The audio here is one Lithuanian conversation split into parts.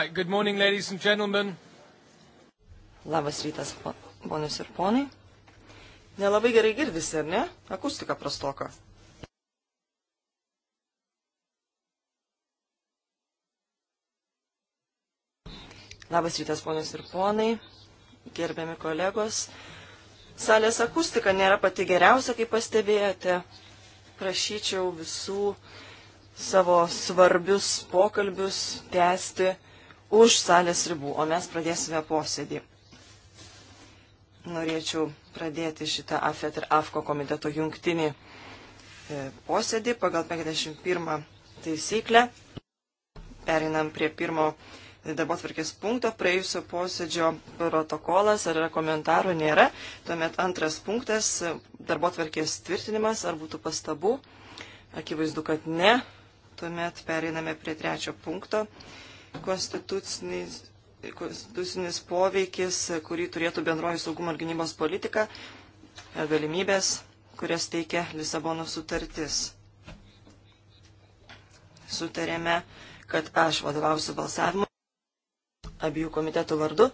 Right, good morning, ladies and gentlemen. Labas rytas, ponius ir ponai. Nelabai gerai girdisi, ar ne? Akustika prastoka. Labas rytas, ponios ir ponai, gerbiami kolegos. Salės akustika nėra pati geriausia, kaip pastebėjote. Prašyčiau visų savo svarbius pokalbius tęsti už salės ribų, o mes pradėsime posėdį. Norėčiau pradėti šitą AFET ir AFKO komiteto jungtinį e, posėdį pagal 51 taisyklę. Perinam prie pirmo darbo tvarkės punkto, praėjusio posėdžio protokolas, ar yra komentarų, nėra. Tuomet antras punktas, darbo tvarkės tvirtinimas, ar būtų pastabų. Akivaizdu, kad ne. Tuomet pereiname prie trečio punkto, konstitucinis, konstitucinis poveikis, kurį turėtų bendroji saugumo ir gynybos politika ir galimybės, kurias teikia Lisabono sutartis. Sutarėme, kad aš vadovausiu balsavimu abiejų komitetų vardu.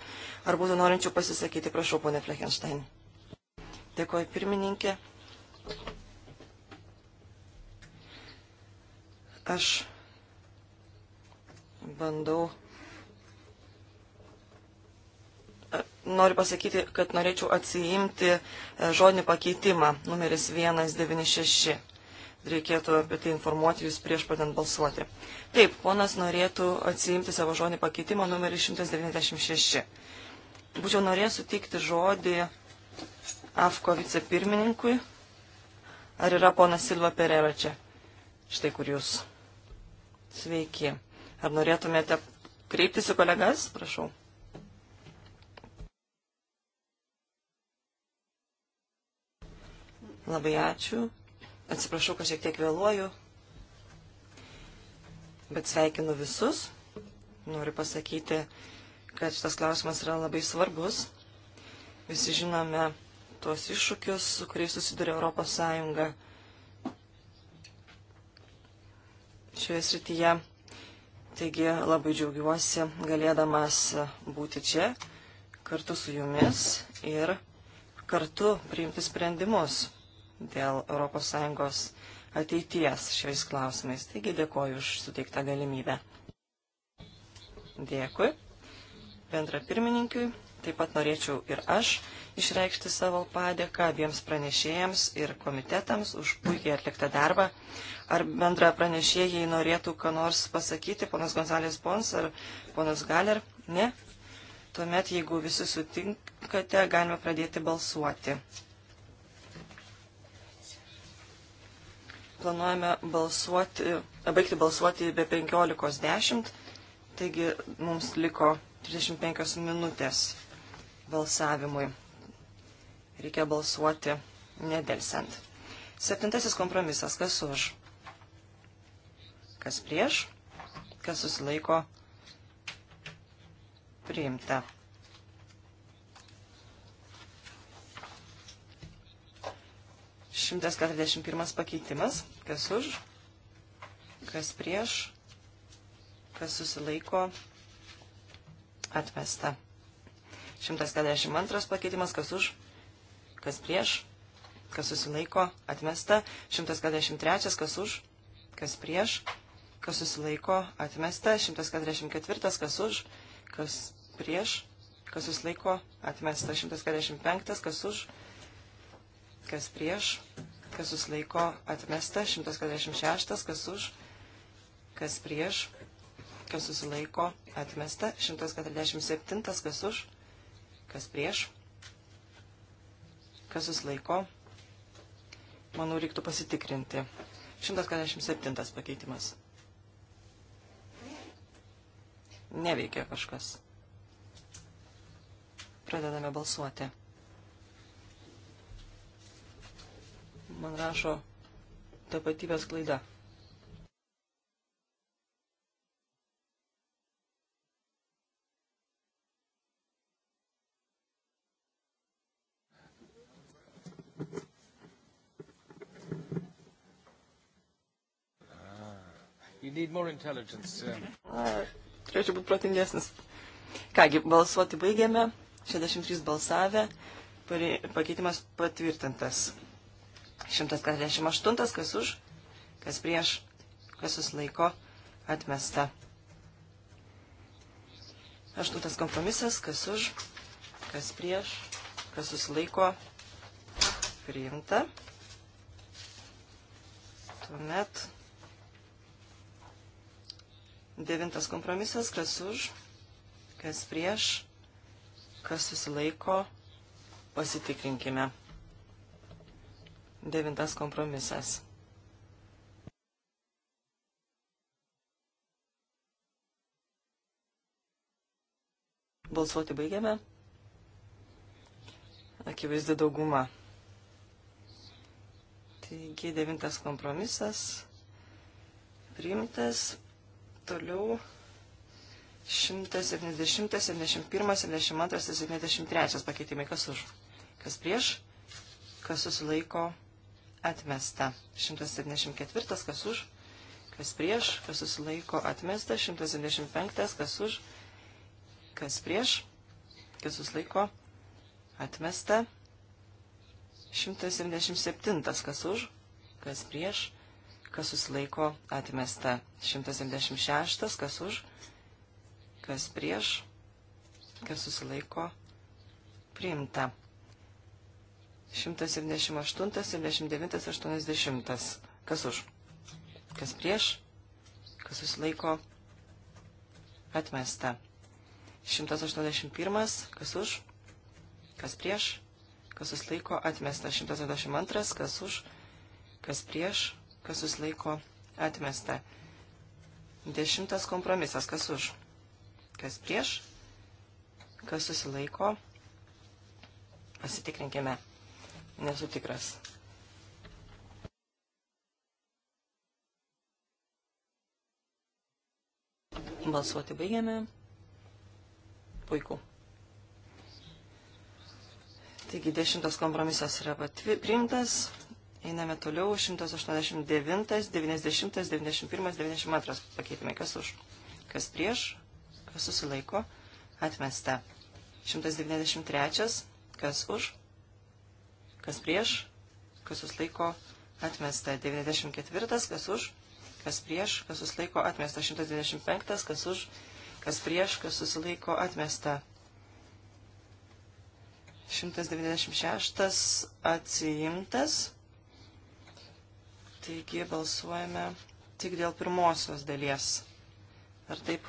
Ar būtų norinčių pasisakyti, prašau, ponė Flechenstein. Dėkuoju, pirmininkė. Aš bandau. Noriu pasakyti, kad norėčiau atsiimti e, žodinį pakeitimą, numeris 196. Reikėtų apie tai informuoti jūs prieš padant balsuoti. Taip, ponas norėtų atsiimti savo žodinį pakeitimą, numeris 196. Būčiau norėjęs sutikti žodį AFKO vicepirmininkui. Ar yra ponas Silva Perera čia? Štai kur jūs. Sveiki. Ar norėtumėte kreiptis į kolegas? Prašau. Labai ačiū. Atsiprašau, kad šiek tiek vėluoju, bet sveikinu visus. Noriu pasakyti, kad šitas klausimas yra labai svarbus. Visi žinome tuos iššūkius, su kuriais susiduria Europos Sąjunga. Šioje srityje Taigi labai džiaugiuosi galėdamas būti čia kartu su jumis ir kartu priimti sprendimus dėl ES ateities šiais klausimais. Taigi dėkoju už suteiktą galimybę. Dėkui bendra pirmininkiui Taip pat norėčiau ir aš išreikšti savo padėką abiems pranešėjams ir komitetams už puikiai atliktą darbą. Ar bendra pranešėjai norėtų ką nors pasakyti, ponas Gonzalės Pons ar ponas Galer? Ne? Tuomet, jeigu visi sutinkate, galime pradėti balsuoti. Planuojame balsuoti, baigti balsuoti be 15.10, taigi mums liko 35 minutės balsavimui. Reikia balsuoti nedelsiant. Septintasis kompromisas. Kas už? Kas prieš? Kas susilaiko? Priimta. Šimtas keturiasdešimt pirmas pakeitimas. Kas už? Kas prieš? Kas susilaiko? Atmesta. 142 pakeitimas, kas už, kas prieš, kas susilaiko, atmesta. 143, kas už, kas prieš, kas susilaiko, atmesta. 144, kas už, kas prieš, kas susilaiko, atmesta. 145, kas už, kas prieš, kas susilaiko, atmesta. 146, kas už, kas prieš, kas susilaiko, atmesta. 147, kas už, kas prieš, kas susilaiko. Manau, reiktų pasitikrinti. 147 pakeitimas. Neveikia kažkas. Pradedame balsuoti. Man rašo tapatybės klaida. Turėčiau būti protingesnis. Kągi, balsuoti baigėme. 63 balsavę. Pakeitimas patvirtintas. 148, kas už, kas prieš, kas susilaiko, atmesta. Aštuntas kompromisas, kas už, kas prieš, kas susilaiko, priimta. Tuomet Devintas kompromisas, kas už, kas prieš, kas susilaiko, pasitikrinkime. Devintas kompromisas. Balsuoti baigiame. Akivaizdi dauguma. Taigi devintas kompromisas priimtas. Toliau 170, 71, 72, 73 pakeitimai. Kas už? Kas prieš? Kas susilaiko? Atmesta. 174. Kas už? Kas prieš? Kas susilaiko? Atmesta. 175. Kas už? Kas prieš? Kas susilaiko? Atmesta. 177. Kas už? Kas prieš? kas susilaiko atmesta. 176, kas už, kas prieš, kas susilaiko priimta. 178, 79, 80, kas už, kas prieš, kas susilaiko atmesta. 181, kas už, kas prieš, kas susilaiko atmesta. 182, kas už, kas prieš, kas susilaiko atmesta. Dešimtas kompromisas, kas už, kas prieš, kas susilaiko, pasitikrinkime, nesu tikras. Balsuoti baigiame. Puiku. Taigi dešimtas kompromisas yra priimtas. Einame toliau. 189, 90, 91, 92 pakeitimai. Kas už? Kas prieš? Kas susilaiko? Atmesta. 193. Kas už? Kas prieš? Kas susilaiko? Atmesta. 94. Kas už? Kas prieš? Kas susilaiko? Atmesta. 125. Kas už? Kas prieš? Kas susilaiko? Atmesta. 196. Atsiimtas. Taigi balsuojame tik dėl pirmosios dalies. Ar taip?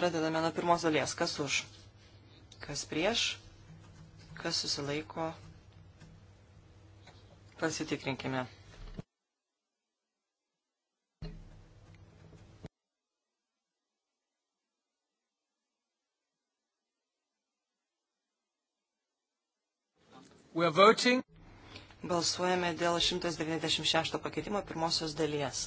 Pradedame nuo pirmos dalies. Kas už? Kas prieš? Kas susilaiko? Pasitikrinkime. Balsuojame dėl 196 pakeitimo pirmosios dalies.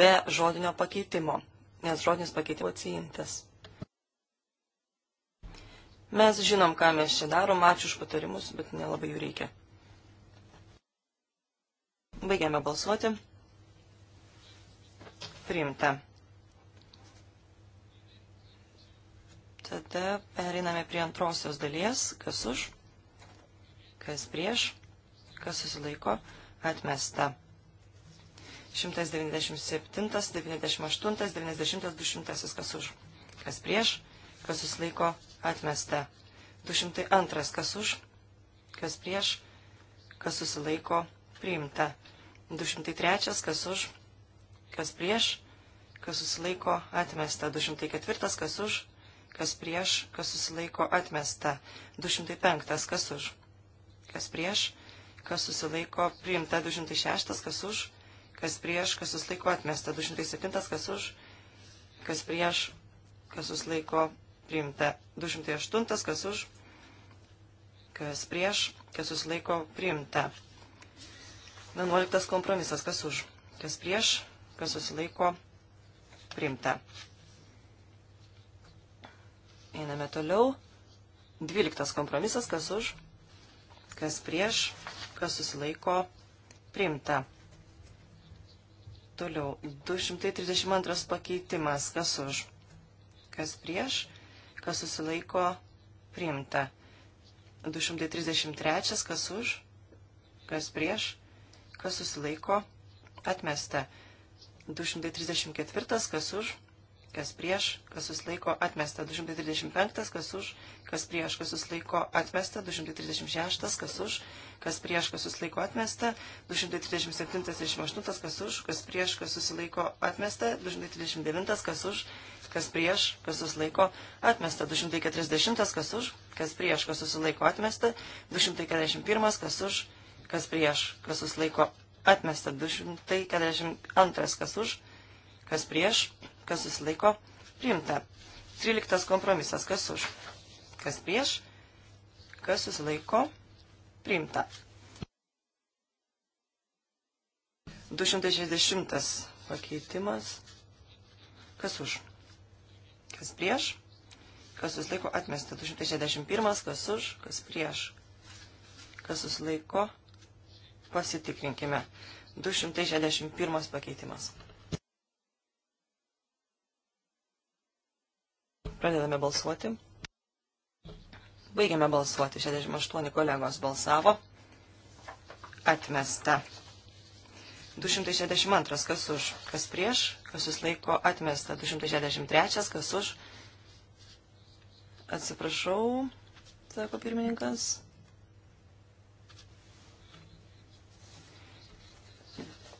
Be žodinio pakeitimo, nes žodinis pakeitimo atsijintas. Mes žinom, ką mes čia darom, ačiū už patarimus, bet nelabai jų reikia. Baigiame balsuoti. Priimta. Tada pereiname prie antrosios dalies, kas už, kas prieš, kas susilaiko, atmesta. 197, 98, 90, 200, kas už, kas prieš, kas susilaiko, atmesta. 202, kas už, kas prieš, kas susilaiko, priimta. 203, kas už, kas prieš, kas susilaiko, atmesta. 204, kas už, kas prieš, kas susilaiko atmesta. 205, kas už, kas prieš, kas susilaiko priimta. 206, kas už, kas prieš, kas susilaiko atmesta. 207, kas už, kas prieš, kas susilaiko priimta. 208, kas už, kas prieš, kas susilaiko priimta. 11 kompromisas, kas už, kas prieš, kas susilaiko priimta. Einame toliau. Dvyliktas kompromisas, kas už, kas prieš, kas susilaiko, priimta. Toliau, 232 pakeitimas, kas už, kas prieš, kas susilaiko, priimta. 233, kas už, kas prieš, kas susilaiko, atmesta. 234, kas už, kas prieš, kas susilaiko atmesta 235, kas už, kas prieš, kas susilaiko atmesta 236, kas už, kas prieš, kas susilaiko atmesta 237, 38, kas už, kas prieš, kas susilaiko atmesta 239, kas už, kas prieš, kas susilaiko atmesta 240, kas už, kas prieš, kas susilaiko atmesta 241, kas už, kas prieš, kas susilaiko atmesta 242, kas už, kas prieš, kas susilaiko, priimta. 13 kompromisas, kas už, kas prieš, kas susilaiko, priimta. 260 pakeitimas, kas už, kas prieš, kas susilaiko, atmesta. 261, kas už, kas prieš, kas susilaiko, pasitikrinkime. 261 pakeitimas. Pradedame balsuoti. Baigiame balsuoti. 68 kolegos balsavo. Atmesta. 262. Kas už? Kas prieš? Kas jūs laiko? Atmesta. 263. Kas už? Atsiprašau, sako pirmininkas.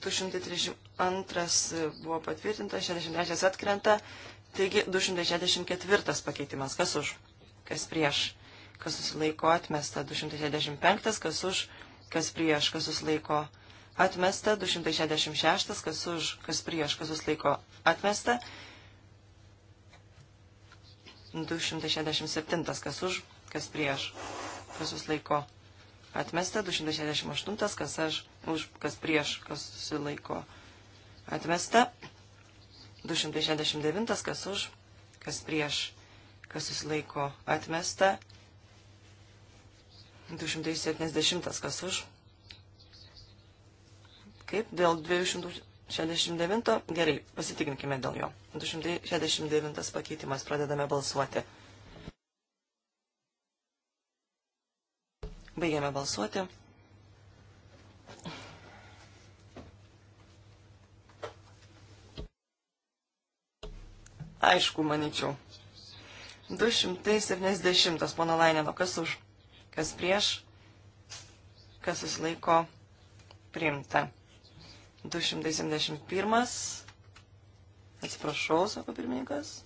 232 buvo patvirtinta, 63 atkrenta, Taigi 264 pakeitimas. Kas už? Kas prieš? Kas susilaiko atmesta? 265. Kas už? Kas prieš? Kas susilaiko atmesta? 266. Kas už? Kas prieš? Kas susilaiko atmesta? 267. Kas už? Kas prieš? Kas susilaiko atmesta? 268. Kas aš? Už? Kas prieš? Kas susilaiko atmesta? 269, kas už, kas prieš, kas susilaiko atmesta. 270, kas už. Kaip dėl 269? Gerai, pasitikrinkime dėl jo. 269 pakeitimas, pradedame balsuoti. Baigiame balsuoti. aišku, manyčiau. 270 pono Lainino, kas už, kas prieš, kas susilaiko priimta. 271, atsiprašau, sako pirmininkas.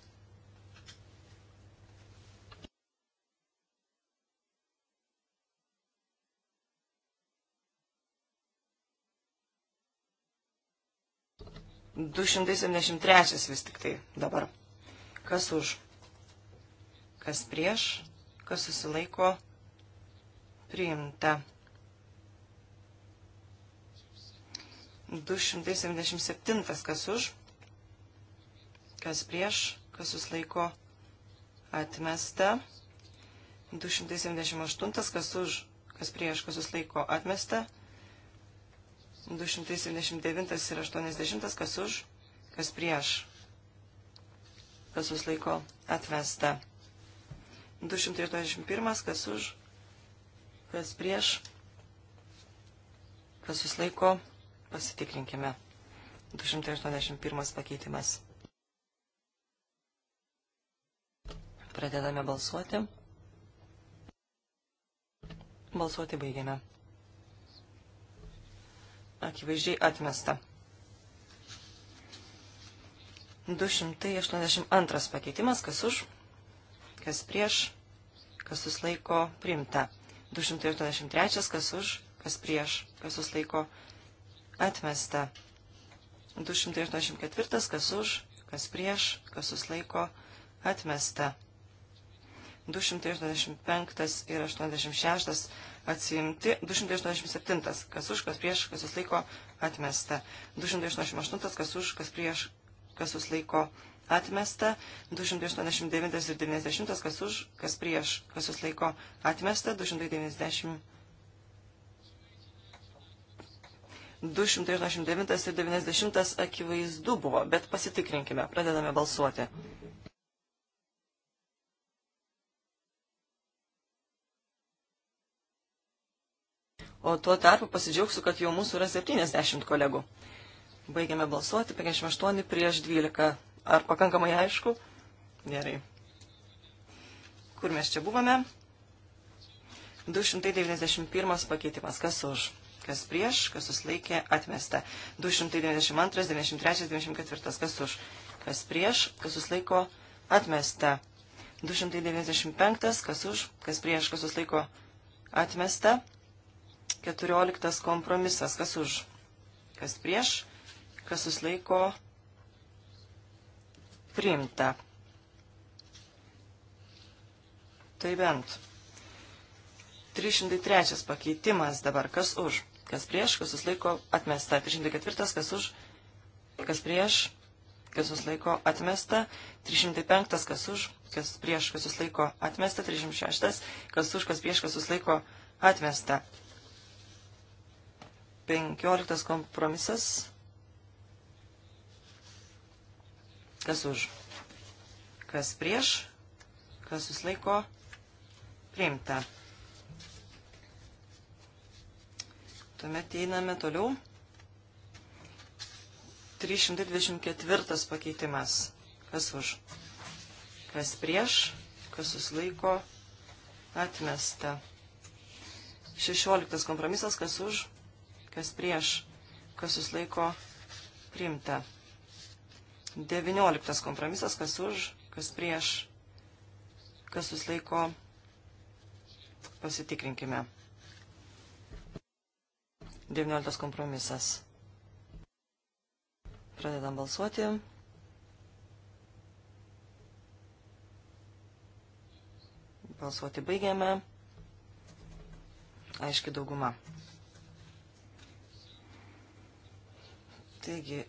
Du šimtai septyniasdešimt trečias vis tik tai dabar. Kas už? Kas prieš? Kas susilaiko? Priimta. 277. Kas už? Kas prieš? Kas susilaiko? Atmesta. 278. Kas už? Kas prieš? Kas susilaiko? Atmesta. 279 ir 80, kas už, kas prieš, kas susilaiko atmesta. 281, kas už, kas prieš, kas susilaiko, pasitikrinkime. 281 pakeitimas. Pradedame balsuoti. Balsuoti baigiame. Akivaizdžiai atmesta. 282 pakeitimas, kas už, kas prieš, kas suslaiko priimta. 283, kas už, kas prieš, kas suslaiko atmesta. 284, kas už, kas prieš, kas suslaiko atmesta. 285 ir 86 atsiimti, 287, kas už, kas prieš, kas suslaiko atmesta. 288, kas už, kas prieš, kas susilaiko atmesta, 289 ir 90, kas už, kas prieš, kas susilaiko atmesta, 290. 289 ir 90 akivaizdu buvo, bet pasitikrinkime, pradedame balsuoti. O tuo tarpu pasidžiaugsiu, kad jau mūsų yra 70 kolegų. Baigiame balsuoti. 58 prieš 12. Ar pakankamai aišku? Gerai. Kur mes čia buvome? 291 pakeitimas. Kas už? Kas prieš? Kas susilaikė? Atmesta. 292, 93, 94. Kas už? Kas prieš? Kas susilaiko? Atmesta. 295. Kas už? Kas prieš? Kas susilaiko? Atmesta. 14. Kompromisas. Kas už? Kas prieš? kas susilaiko priimta. Tai bent. 303 pakeitimas dabar, kas už, kas prieš, kas susilaiko atmesta. 304, kas už, kas prieš, kas susilaiko atmesta. 305, kas už, kas prieš, kas susilaiko atmesta. 306, kas už, kas prieš, kas susilaiko atmesta. 15 kompromisas Kas už? Kas prieš? Kas susilaiko? Priimta. Tuomet einame toliau. 324 pakeitimas. Kas už? Kas prieš? Kas susilaiko? Atmesta. 16 kompromisas. Kas už? Kas prieš? Kas susilaiko? Priimta. 19 kompromisas, kas už, kas prieš, kas susilaiko, pasitikrinkime. 19 kompromisas. Pradedam balsuoti. Balsuoti baigiame. Aiški dauguma. Taigi,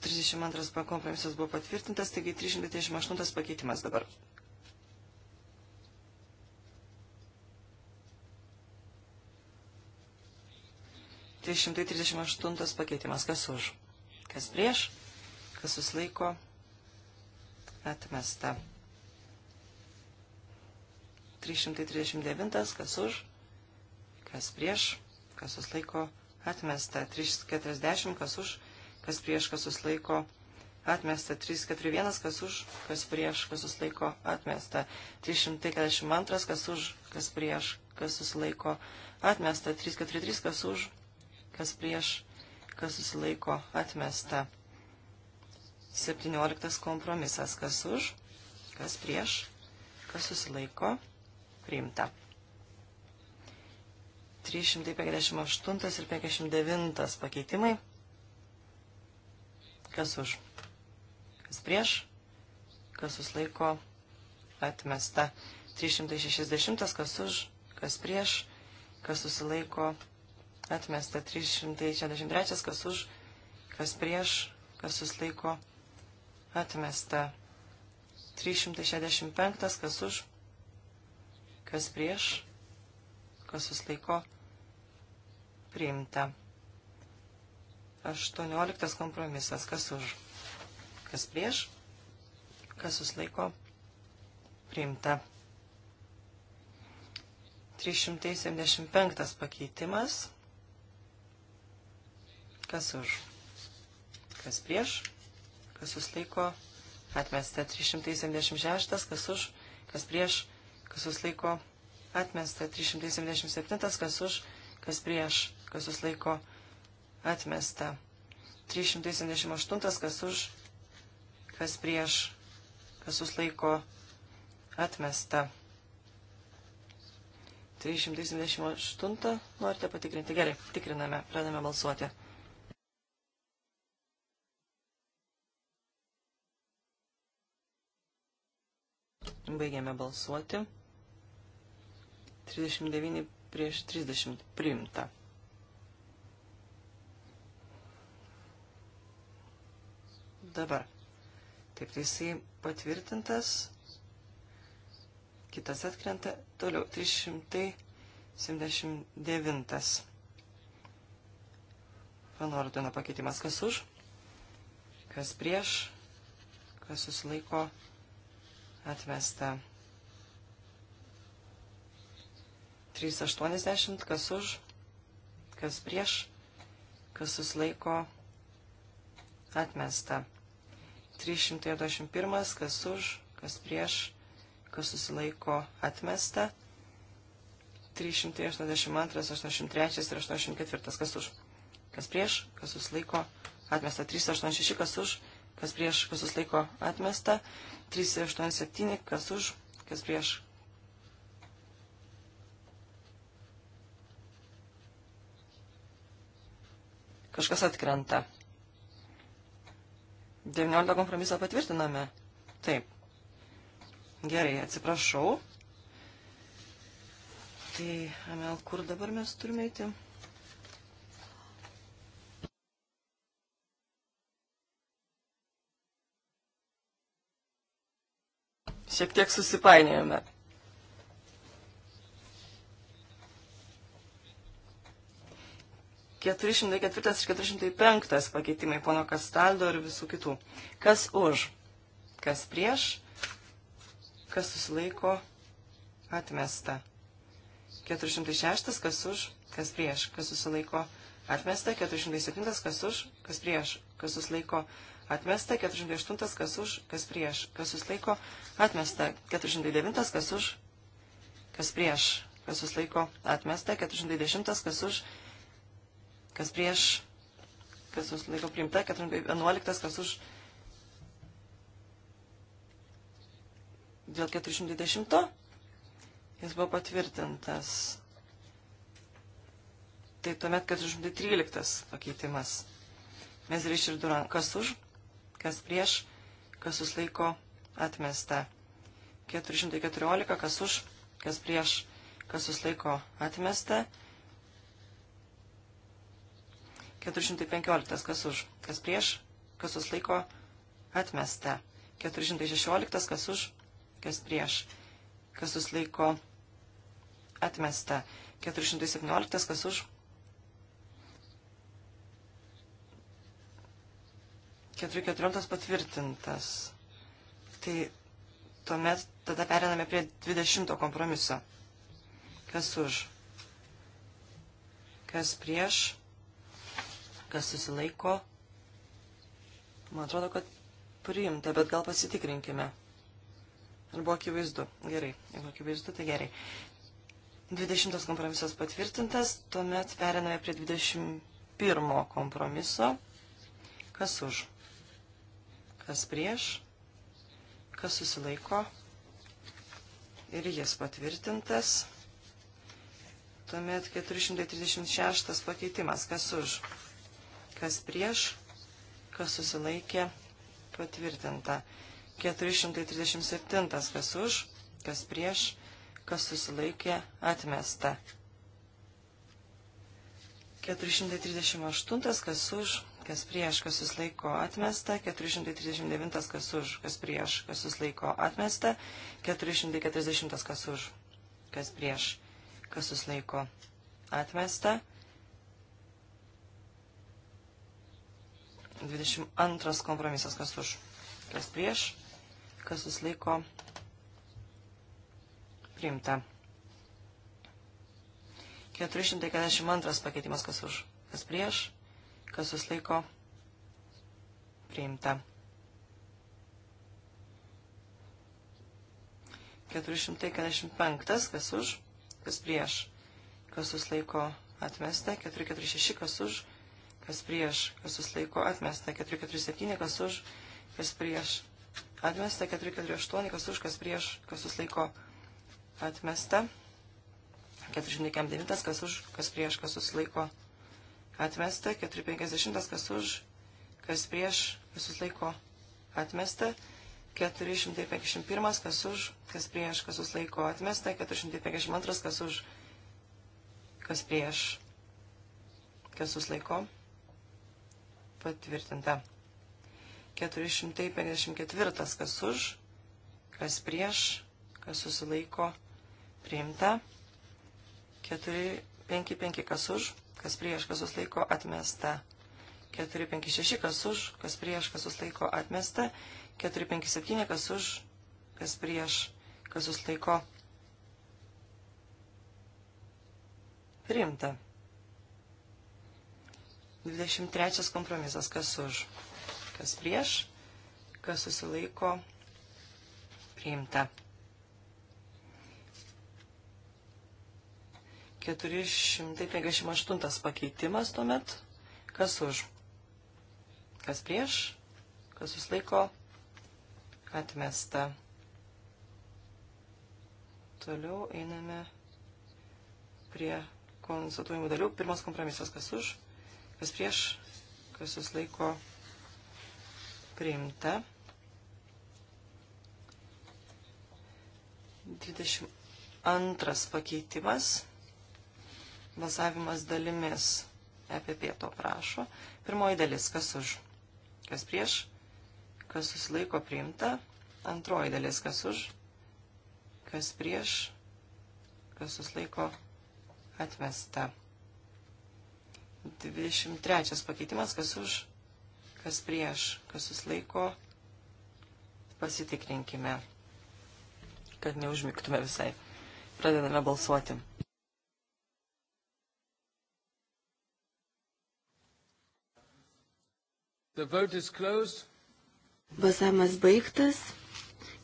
32 kompromisas buvo patvirtintas, taigi 328 pakeitimas dabar. Tai 138 pakeitimas. Kas už? Kas prieš? Kas susilaiko? Atmesta. 339. Kas už? Kas prieš? Kas susilaiko? Atmesta. 340. Kas už? kas prieš, kas susilaiko atmesta. 341, kas už, kas prieš, kas susilaiko atmesta. 342, kas už, kas prieš, kas susilaiko atmesta. 343, kas už, kas prieš, kas susilaiko atmesta. 17 kompromisas, kas už, kas prieš, kas susilaiko priimta. 358 ir 59 pakeitimai. Kas už? Kas prieš? Kas susilaiko? Atmesta. 360. Kas už? Kas prieš? Kas susilaiko? Atmesta. 363. Kas už? Kas prieš? Kas susilaiko? Atmesta. 365. Kas už? Kas prieš? Kas susilaiko? Priimta. 18 kompromisas. Kas už? Kas prieš? Kas suslaiko? Priimta. 375 pakeitimas. Kas už? Kas prieš? Kas suslaiko? Atmesta. 376. Kas už? Kas prieš? Kas suslaiko? Atmesta. 377. Kas už? Kas prieš? Kas suslaiko? Atmesta atmesta. 378, kas už, kas prieš, kas suslaiko, atmesta. 378, norite patikrinti? Gerai, tikriname, pradame balsuoti. Baigiame balsuoti. 39 prieš 30 priimta. dabar. Taip, tai jisai patvirtintas, kitas atkrenta, toliau 379. Vanordino pakeitimas, kas už, kas prieš, kas susilaiko atmesta. 380, kas už, kas prieš, kas susilaiko atmesta. 321, kas už, kas prieš, kas susilaiko atmesta. 382, 83 ir 84, kas už, kas prieš, kas susilaiko atmesta. 386, kas už, kas prieš, kas susilaiko atmesta. 387, kas už, kas prieš, kažkas atkrenta. 19 kompromisą patvirtiname. Taip. Gerai, atsiprašau. Tai, Amel, kur dabar mes turime eiti? Šiek tiek susipainiojame. 404 ir 405 pakeitimai pono Kastaldo ir visų kitų. Kas už, kas prieš, kas susilaiko, atmesta. 406, kas už, kas prieš, kas susilaiko, atmesta. 407, kas už, kas prieš, kas susilaiko, atmesta. 408, kas už, kas prieš, kas susilaiko, atmesta. 409, kas už, kas prieš, kas susilaiko, atmesta. 410, kas už, kas prieš kas prieš, kas susilaiko priimta, 411, kas už. Dėl 420 jis buvo patvirtintas. Tai tuomet 413 pakeitimas. Mes ryšį ir duran, kas už, kas prieš, kas susilaiko atmesta. 414, kas už, kas prieš, kas susilaiko atmesta. 415. Kas už? Kas prieš? Kas susilaiko? Atmesta. 416. Kas už? Kas prieš? Kas susilaiko? Atmesta. 417. Kas už? 4.14 patvirtintas. Tai tuomet tada periname prie 20 kompromiso. Kas už? Kas prieš? kas susilaiko. Man atrodo, kad priimta, bet gal pasitikrinkime. Ar buvo akivaizdu? Gerai, jeigu akivaizdu, tai gerai. 20 kompromisas patvirtintas, tuomet periname prie 21 kompromiso. Kas už? Kas prieš? Kas susilaiko? Ir jis patvirtintas. Tuomet 436 pakeitimas. Kas už? kas prieš, kas susilaikė, patvirtinta. 437, kas už, kas prieš, kas susilaikė, atmesta. 438, kas už, kas prieš, kas susilaiko atmesta, 439, kas už, kas prieš, kas susilaiko atmesta, 440, kas už, kas prieš, kas susilaiko atmesta, 22 kompromisas, kas už, kas prieš, kas susilaiko priimta. 442 pakeitimas, kas už, kas prieš, kas susilaiko priimta. 445, kas už, kas prieš, kas susilaiko atmesta, 446, kas už, kas prieš, kas susilaiko atmesta, 447, kas už, kas prieš, atmesta, 448, kas už, kas prieš, kas susilaiko atmesta, 409, kas už, kas prieš, kas susilaiko atmesta, 450, kas už, kas prieš, kas susilaiko atmesta, 451, kas už, kas prieš, kas susilaiko atmesta, 452, kas už, kas prieš, kas susilaiko patvirtinta. 454, kas už, kas prieš, kas susilaiko, priimta. 455, kas už, kas prieš, kas susilaiko, atmesta. 456, kas už, kas prieš, kas susilaiko, atmesta. 457, kas už, kas prieš, kas susilaiko, priimta. 23 kompromisas. Kas už? Kas prieš? Kas susilaiko? Priimta. 458 pakeitimas tuomet. Kas už? Kas prieš? Kas susilaiko? Atmesta. Toliau einame prie konstatuojimų dalių. Pirmas kompromisas. Kas už? kas prieš, kas susilaiko priimta. 22 pakeitimas, balsavimas dalimis, EPP to prašo. Pirmoji dalis, kas už, kas prieš, kas susilaiko priimta. Antroji dalis, kas už, kas prieš, kas susilaiko atmesta. 23 pakeitimas, kas už, kas prieš, kas susilaiko, pasitikrinkime, kad neužmygtume visai. Pradedame balsuoti. The vote is closed. Balsavimas baigtas.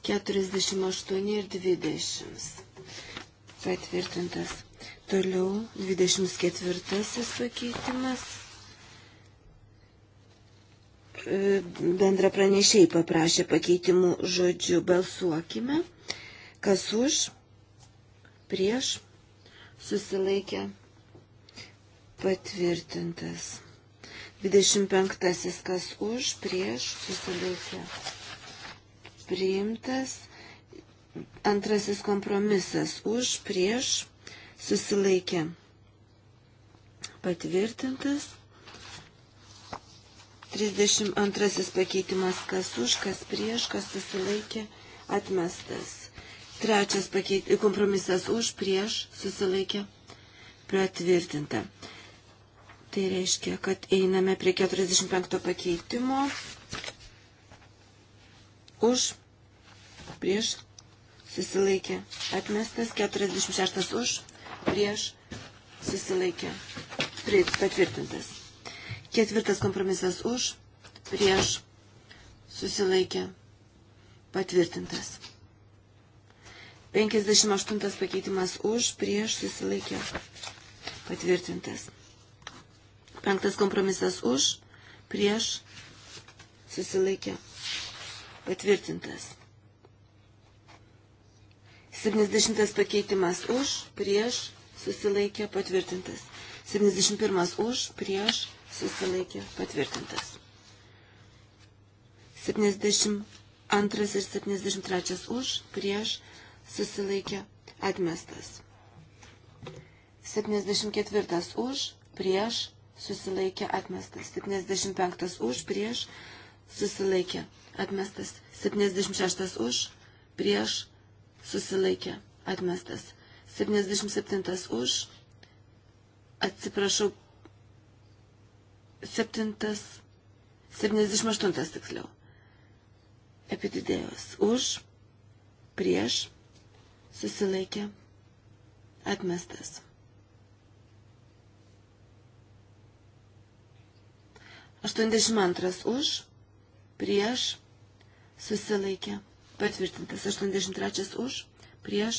48 ir 20. Patvirtintas. Toliau 24 pakeitimas. E, bendra pranešiai paprašė pakeitimų žodžių. Balsuokime. Kas už, prieš, susilaikė, patvirtintas. 25. Kas už, prieš, susilaikė, priimtas. Antrasis kompromisas už, prieš, susilaikė susilaikė. Patvirtintas. 32 pakeitimas kas už, kas prieš, kas susilaikė, atmestas. Trečias pakeit, kompromisas už, prieš, susilaikė, patvirtinta. Tai reiškia, kad einame prie 45 pakeitimo. Už, prieš, susilaikė, atmestas. 46 už, prieš susilaikė patvirtintas. Ketvirtas kompromisas už, prieš susilaikė patvirtintas. 58 pakeitimas už, prieš susilaikė patvirtintas. Penktas kompromisas už, prieš susilaikė patvirtintas. 70 pakeitimas už, prieš, susilaikė, patvirtintas. 71 už, prieš, susilaikė, patvirtintas. 72 ir 73 už, prieš, susilaikė, atmestas. 74 už, prieš, susilaikė, atmestas. 75 už, prieš, susilaikė, atmestas. 76 už, prieš, susilaikė, atmestas. 77 už, atsiprašau, 7, 78 tiksliau. Epididėjos už, prieš, susilaikė, atmestas. 82 už, prieš, susilaikė, atmestas Patvirtintas 83 už, prieš,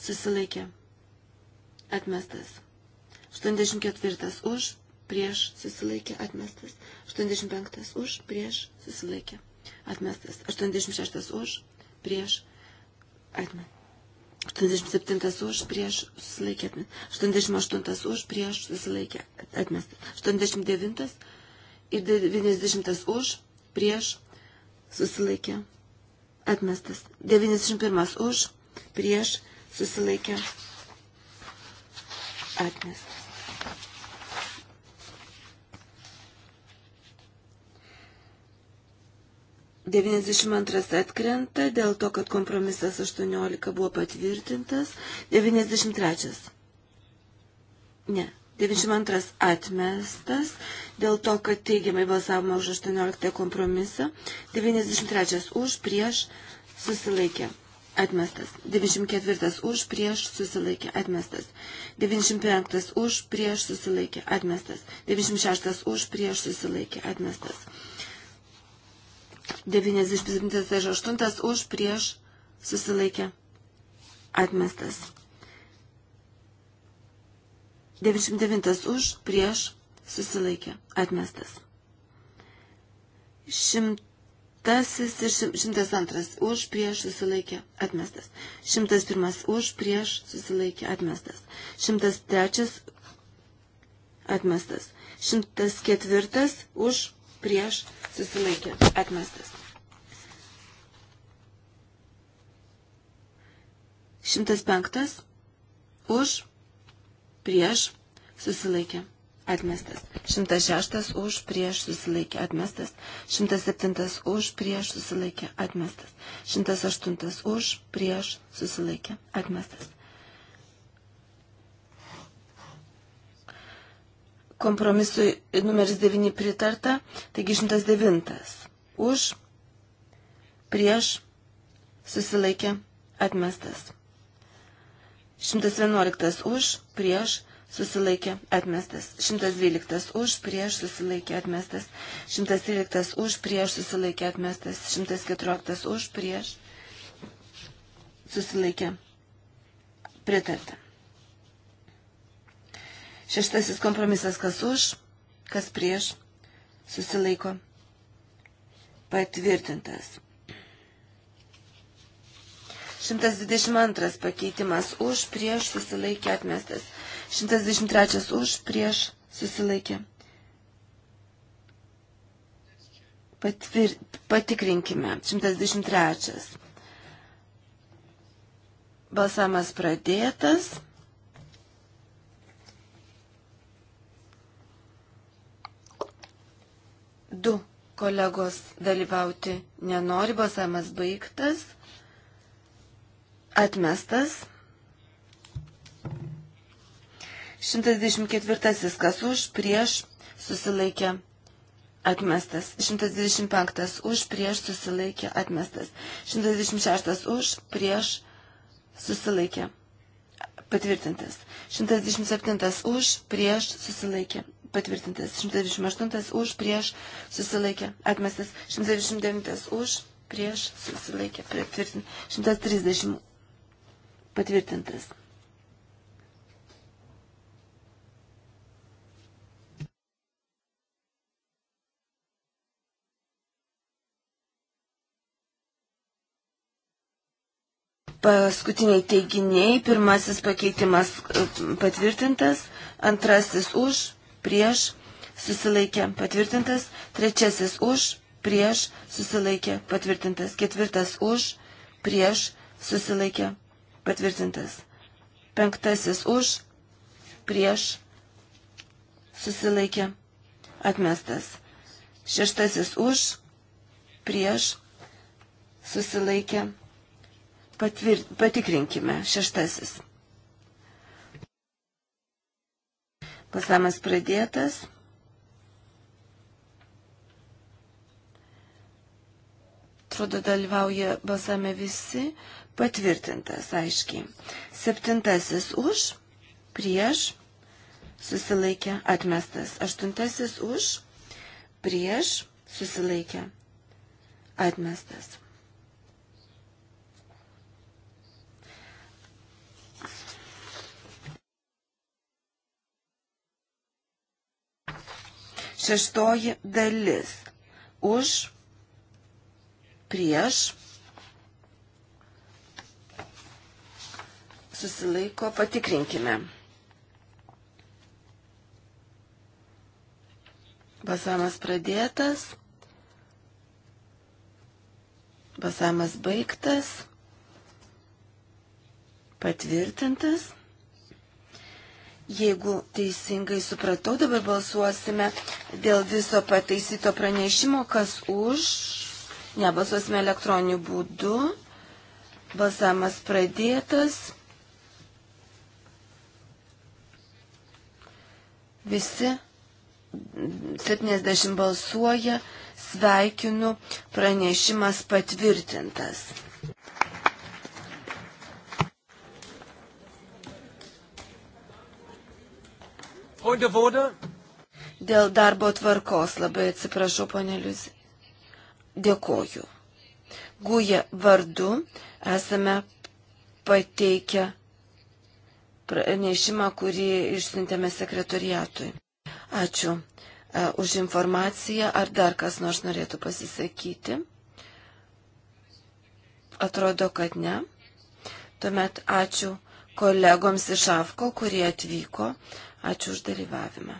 susilaikė, atmestas. 84 už, prieš, susilaikė, atmestas. 85 už, prieš, susilaikė, atmestas. 86 už, prieš, atmestas. 87 už, prieš, susilaikė, atmestas. 88 už, prieš, susilaikė, atmestas. 89 ir 90 už, prieš, susilaikė, atmestas Atmestas. 91 už, prieš, susilaikė. Atmestas. Devyniasdešimt antras atkrenta dėl to, kad kompromisas 18 buvo patvirtintas. Devyniasdešimt trečias. Ne, 92 atmestas, dėl to, kad teigiamai balsavome už 18 kompromisą, 93 už, prieš, susilaikė, atmestas, 94 už, prieš, susilaikė, atmestas, 95 už, prieš, susilaikė, atmestas, 96 už, prieš, susilaikė, atmestas, 97 už, prieš, susilaikė, atmestas. 99 už, prieš, susilaikė, atmestas. Šimtasis ir šimtas antras už, prieš, susilaikė, atmestas. Šimtas pirmas už, prieš, susilaikė, atmestas. Šimtas trečias, atmestas. Šimtas ketvirtas už, prieš, susilaikė, atmestas. 105 už prieš susilaikė atmestas. 106 už prieš susilaikė atmestas. 107 už prieš susilaikė atmestas. 108 už prieš susilaikė atmestas. Kompromisui numeris 9 pritarta, taigi 109 už prieš susilaikė atmestas. 111 už, prieš, susilaikė atmestas. 112 už, prieš, susilaikė atmestas. 113 už, prieš, susilaikė atmestas. 114 už, prieš, susilaikė pritarta. Šeštasis kompromisas, kas už, kas prieš, susilaiko patvirtintas. 122 pakeitimas už prieš susilaikė atmestas. 123 už prieš susilaikė. Patvir, patikrinkime. 123. Balsamas pradėtas. Du kolegos dalyvauti nenori, balsamas baigtas. Atmestas. 124. Kas už, prieš, susilaikė. Atmestas. 125. Už, prieš, susilaikė. Atmestas. 126. Už, prieš, susilaikė. Patvirtintas. 127. Už, prieš, susilaikė patvirtintas. 128 už, prieš, susilaikė. Atmestas. 129 už, prieš, susilaikė. Patvirtintas. 130 Patvirtintas. Paskutiniai teiginiai, pirmasis pakeitimas e, patvirtintas, antrasis už, prieš, susilaikė patvirtintas, trečiasis už, prieš, susilaikė patvirtintas, ketvirtas už, prieš, susilaikė patvirtintas. Penktasis už, prieš, susilaikė, atmestas. Šeštasis už, prieš, susilaikė, patvir, patikrinkime, šeštasis. Pasamas pradėtas. Atrodo, dalyvauja balsame visi patvirtintas aiškiai. Septintasis už, prieš, susilaikė, atmestas. Aštuntasis už, prieš, susilaikė, atmestas. Šeštoji dalis. Už, prieš, susilaiko, patikrinkime. Basamas pradėtas. Basamas baigtas. Patvirtintas. Jeigu teisingai supratau, dabar balsuosime dėl viso pataisyto pranešimo, kas už. Nebalsuosime elektroniniu būdu. Balsamas pradėtas. Visi 70 balsuoja, sveikinu, pranešimas patvirtintas. Dėl darbo tvarkos labai atsiprašau, ponė Liuzė. Dėkoju. Guja vardu esame pateikę pranešimą, kurį išsintėme sekretoriatui. Ačiū e, už informaciją. Ar dar kas nors norėtų pasisakyti? Atrodo, kad ne. Tuomet ačiū kolegoms iš AFKO, kurie atvyko. Ačiū už dalyvavimą.